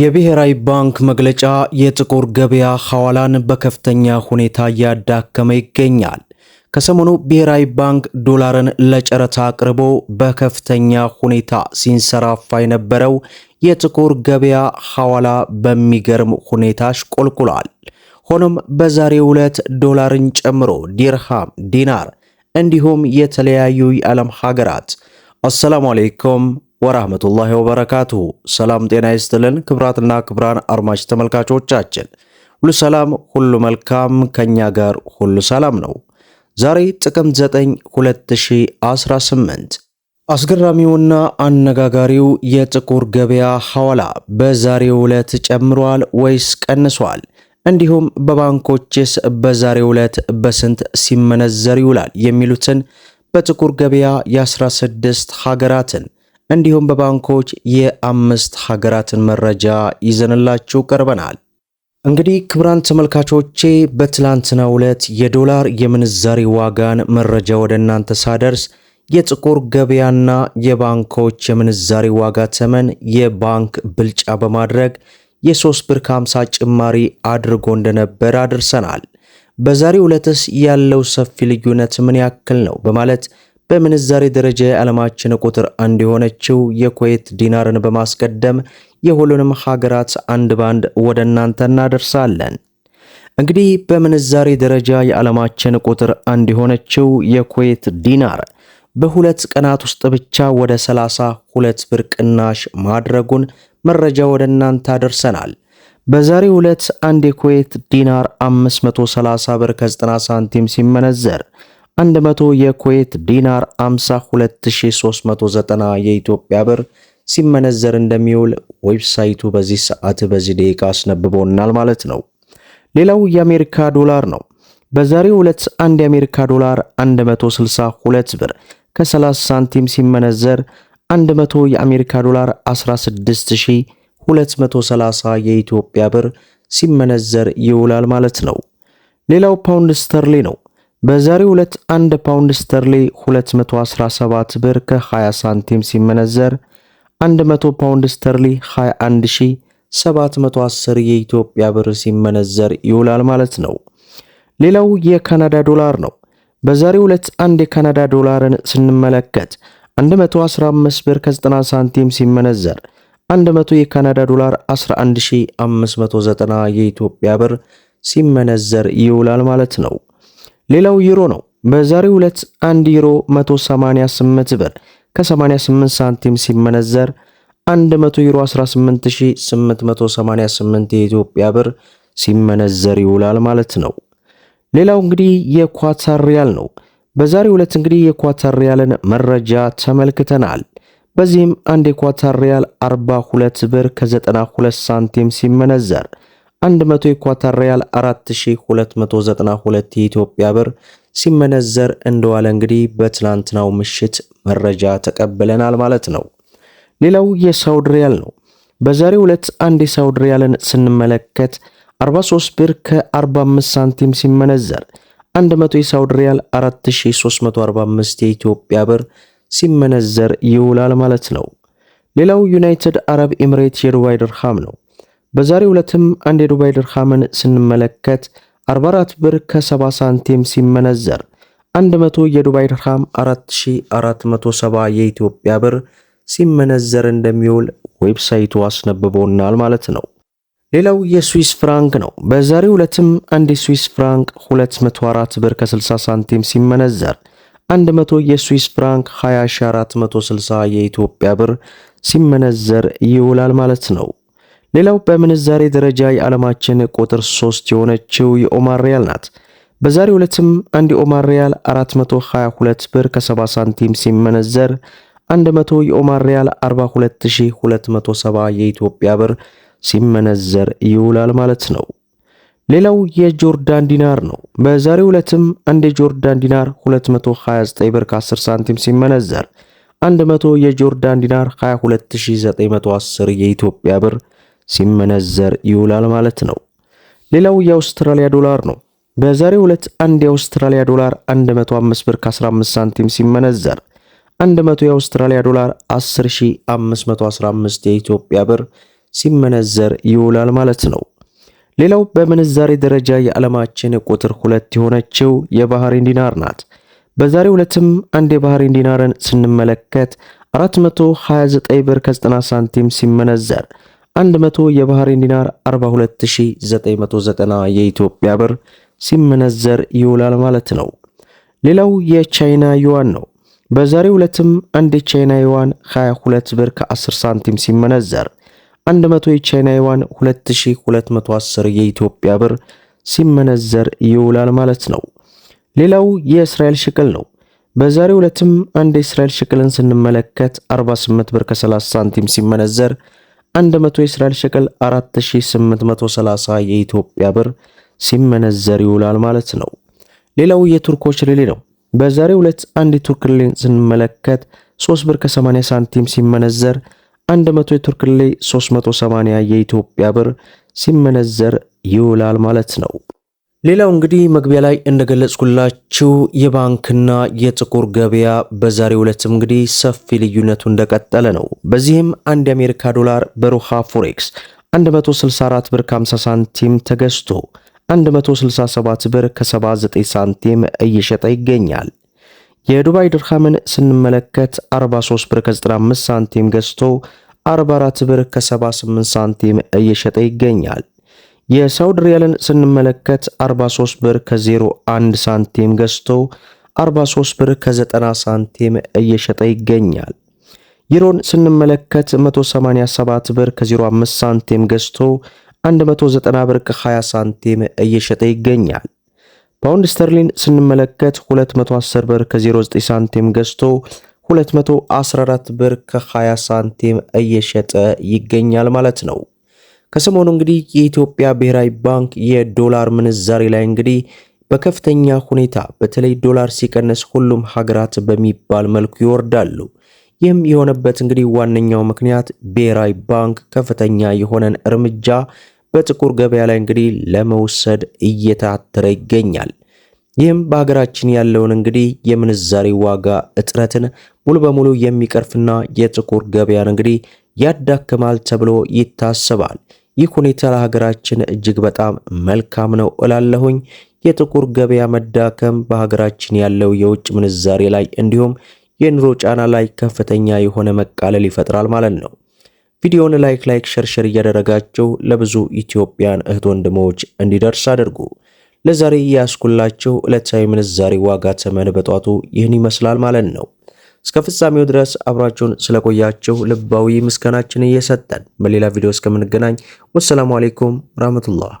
የብሔራዊ ባንክ መግለጫ የጥቁር ገበያ ሐዋላን በከፍተኛ ሁኔታ እያዳከመ ይገኛል። ከሰሞኑ ብሔራዊ ባንክ ዶላርን ለጨረታ አቅርቦ በከፍተኛ ሁኔታ ሲንሰራፋ የነበረው የጥቁር ገበያ ሐዋላ በሚገርም ሁኔታ አሽቆልቁሏል። ሆኖም በዛሬው ዕለት ዶላርን ጨምሮ ዲርሃም፣ ዲናር እንዲሁም የተለያዩ የዓለም ሀገራት አሰላሙ አሌይኩም ወራህመቱላሂ ወበረካቱሁ። ሰላም ጤና ይስጥልን ክብራትና ክብራን አድማጭ ተመልካቾቻችን ሁሉ ሰላም ሁሉ መልካም፣ ከኛ ጋር ሁሉ ሰላም ነው። ዛሬ ጥቅምት 9 2018 አስገራሚውና አነጋጋሪው የጥቁር ገበያ ሐዋላ በዛሬው ዕለት ጨምሯል ወይስ ቀንሷል? እንዲሁም በባንኮችስ በዛሬው ዕለት በስንት ሲመነዘር ይውላል? የሚሉትን በጥቁር ገበያ የ16 ሀገራትን እንዲሁም በባንኮች የአምስት ሀገራትን መረጃ ይዘንላችሁ ቀርበናል። እንግዲህ ክቡራን ተመልካቾቼ በትላንትናው ዕለት የዶላር የምንዛሬ ዋጋን መረጃ ወደ እናንተ ሳደርስ የጥቁር ገበያና የባንኮች የምንዛሬ ዋጋ ተመን የባንክ ብልጫ በማድረግ የ3 ብር ከ50 ጭማሪ አድርጎ እንደነበር አድርሰናል። በዛሬው ዕለትስ ያለው ሰፊ ልዩነት ምን ያክል ነው? በማለት በምንዛሬ ደረጃ የዓለማችን ቁጥር አንድ የሆነችው የኩዌት ዲናርን በማስቀደም የሁሉንም ሀገራት አንድ ባንድ ወደ እናንተ እናደርሳለን። እንግዲህ በምንዛሬ ደረጃ የዓለማችን ቁጥር አንድ የሆነችው የኩዌት ዲናር በሁለት ቀናት ውስጥ ብቻ ወደ 32 ብር ቅናሽ ማድረጉን መረጃ ወደ እናንተ አደርሰናል። በዛሬ ሁለት አንድ የኩዌት ዲናር 530 ብር ከ90 ሳንቲም ሲመነዘር 100 የኩዌት ዲናር 52390 የኢትዮጵያ ብር ሲመነዘር እንደሚውል ዌብሳይቱ በዚህ ሰዓት በዚህ ደቂቃ አስነብቦናል ማለት ነው። ሌላው የአሜሪካ ዶላር ነው። በዛሬው ዕለት አንድ የአሜሪካ ዶላር 162 ብር ከ30 ሳንቲም ሲመነዘር 100 የአሜሪካ ዶላር 16230 የኢትዮጵያ ብር ሲመነዘር ይውላል ማለት ነው። ሌላው ፓውንድ ስተርሊ ነው። በዛሬው ዕለት አንድ ፓውንድ ስተርሊ 217 ብር ከ20 ሳንቲም ሲመነዘር 100 ፓውንድ ስተርሊ 21710 የኢትዮጵያ ብር ሲመነዘር ይውላል ማለት ነው። ሌላው የካናዳ ዶላር ነው። በዛሬው ዕለት አንድ የካናዳ ዶላርን ስንመለከት 115 ብር ከ90 ሳንቲም ሲመነዘር 100 የካናዳ ዶላር 11590 የኢትዮጵያ ብር ሲመነዘር ይውላል ማለት ነው። ሌላው ዩሮ ነው። በዛሬው ዕለት 1 ዩሮ 188 ብር ከ88 ሳንቲም ሲመነዘር 100 ዩሮ 18888 የኢትዮጵያ ብር ሲመነዘር ይውላል ማለት ነው። ሌላው እንግዲህ የኳታር ሪያል ነው። በዛሬው ዕለት እንግዲህ የኳታር ሪያልን መረጃ ተመልክተናል። በዚህም አንድ የኳታር ሪያል 42 ብር ከ92 ሳንቲም ሲመነዘር 100 የኳታር ሪያል 4292 የኢትዮጵያ ብር ሲመነዘር እንደዋለ እንግዲህ በትላንትናው ምሽት መረጃ ተቀብለናል ማለት ነው። ሌላው የሳውዲ ሪያል ነው። በዛሬው ዕለት አንድ የሳውዲ ሪያልን ስንመለከት 43 ብር ከ45 ሳንቲም ሲመነዘር 100 የሳውዲ ሪያል 4345 የኢትዮጵያ ብር ሲመነዘር ይውላል ማለት ነው። ሌላው ዩናይትድ አረብ ኤምሬት የዱባይ ድርሃም ነው። በዛሬው ዕለትም አንድ የዱባይ ድርሃምን ስንመለከት 44 ብር ከ70 ሳንቲም ሲመነዘር 100 የዱባይ ድርሃም 4470 የኢትዮጵያ ብር ሲመነዘር እንደሚውል ዌብሳይቱ አስነብቦናል ማለት ነው። ሌላው የስዊስ ፍራንክ ነው። በዛሬው ዕለትም አንድ የስዊስ ፍራንክ 204 ብር ከ60 ሳንቲም ሲመነዘር 100 የስዊስ ፍራንክ 20460 የኢትዮጵያ ብር ሲመነዘር ይውላል ማለት ነው። ሌላው በምንዛሬ ደረጃ የዓለማችን ቁጥር ሶስት የሆነችው የኦማር ሪያል ናት። በዛሬ ዕለትም አንድ የኦማር ሪያል 422 ብር ከ70 ሳንቲም ሲመነዘር 100 የኦማር ሪያል 42270 የኢትዮጵያ ብር ሲመነዘር ይውላል ማለት ነው። ሌላው የጆርዳን ዲናር ነው። በዛሬው ዕለትም አንድ የጆርዳን ዲናር 229 ብር ከ10 ሳንቲም ሲመነዘር 100 የጆርዳን ዲናር 22910 የኢትዮጵያ ብር ሲመነዘር ይውላል ማለት ነው። ሌላው የአውስትራሊያ ዶላር ነው። በዛሬው ዕለት አንድ የአውስትራሊያ ዶላር 105 ብር ከ15 ሳንቲም ሲመነዘር 100 የአውስትራሊያ ዶላር 10515 የኢትዮጵያ ብር ሲመነዘር ይውላል ማለት ነው። ሌላው በምንዛሬ ደረጃ የዓለማችን ቁጥር ሁለት የሆነችው የባህሪን ዲናር ናት። በዛሬው ዕለትም አንድ የባህሪን ዲናርን ስንመለከት 429 ብር ከ90 ሳንቲም ሲመነዘር 100 የባህሬን ዲናር 42990 የኢትዮጵያ ብር ሲመነዘር ይውላል ማለት ነው። ሌላው የቻይና ዩዋን ነው። በዛሬ ሁለትም አንድ የቻይና ዩዋን 22 ብር ከ10 ሳንቲም ሲመነዘር 100 የቻይና ዩዋን 2210 የኢትዮጵያ ብር ሲመነዘር ይውላል ማለት ነው። ሌላው የእስራኤል ሽቅል ነው። በዛሬ ሁለትም አንድ የእስራኤል ሽቅልን ስንመለከት 48 ብር ከ30 ሳንቲም ሲመነዘር 100 የእስራኤል ሸቀል 4830 የኢትዮጵያ ብር ሲመነዘር ይውላል ማለት ነው። ሌላው የቱርኮች ሪሊ ነው። በዛሬው ዕለት አንድ የቱርክ ስንመለከት 3 ብር ከ80 ሳንቲም ሲመነዘር 100 የቱርክ ሪሊ 380 የኢትዮጵያ ብር ሲመነዘር ይውላል ማለት ነው። ሌላው እንግዲህ መግቢያ ላይ እንደገለጽኩላችሁ የባንክና የጥቁር ገበያ በዛሬው ዕለትም እንግዲህ ሰፊ ልዩነቱ እንደቀጠለ ነው። በዚህም አንድ የአሜሪካ ዶላር በሮሃ ፎሬክስ 164 ብር 50 ሳንቲም ተገዝቶ 167 ብር ከ79 ሳንቲም እየሸጠ ይገኛል። የዱባይ ድርሃምን ስንመለከት 43 ብር ከ95 ሳንቲም ገዝቶ 44 ብር ከ78 ሳንቲም እየሸጠ ይገኛል። የሳውዲ ሪያልን ስንመለከት 43 ብር ከ01 ሳንቲም ገዝቶ 43 ብር ከ90 ሳንቲም እየሸጠ ይገኛል። ዩሮን ስንመለከት 187 ብር ከ05 ሳንቲም ገዝቶ 190 ብር ከ20 ሳንቲም እየሸጠ ይገኛል። ፓውንድ ስተርሊን ስንመለከት 210 ብር ከ09 ሳንቲም ገዝቶ 214 ብር ከ20 ሳንቲም እየሸጠ ይገኛል ማለት ነው። ከሰሞኑ እንግዲህ የኢትዮጵያ ብሔራዊ ባንክ የዶላር ምንዛሬ ላይ እንግዲህ በከፍተኛ ሁኔታ በተለይ ዶላር ሲቀንስ ሁሉም ሀገራት በሚባል መልኩ ይወርዳሉ። ይህም የሆነበት እንግዲህ ዋነኛው ምክንያት ብሔራዊ ባንክ ከፍተኛ የሆነን እርምጃ በጥቁር ገበያ ላይ እንግዲህ ለመውሰድ እየታተረ ይገኛል። ይህም በሀገራችን ያለውን እንግዲህ የምንዛሬ ዋጋ እጥረትን ሙሉ በሙሉ የሚቀርፍና የጥቁር ገበያን እንግዲህ ያዳክማል ተብሎ ይታሰባል። ይህ ሁኔታ ለሀገራችን እጅግ በጣም መልካም ነው እላለሁኝ። የጥቁር ገበያ መዳከም በሀገራችን ያለው የውጭ ምንዛሬ ላይ እንዲሁም የኑሮ ጫና ላይ ከፍተኛ የሆነ መቃለል ይፈጥራል ማለት ነው። ቪዲዮውን ላይክ ላይክ ሸርሸር እያደረጋቸው ለብዙ ኢትዮጵያን እህት ወንድሞች እንዲደርስ አድርጉ። ለዛሬ ያስኩላቸው ዕለታዊ ምንዛሬ ዋጋ ተመን በጧቱ ይህን ይመስላል ማለት ነው። እስከ ፍጻሜው ድረስ አብራችሁን ስለቆያችሁ ልባዊ ምስጋናችን እየሰጠን በሌላ ቪዲዮ እስከምንገናኝ ወሰላሙ አሌይኩም ራህመቱላህ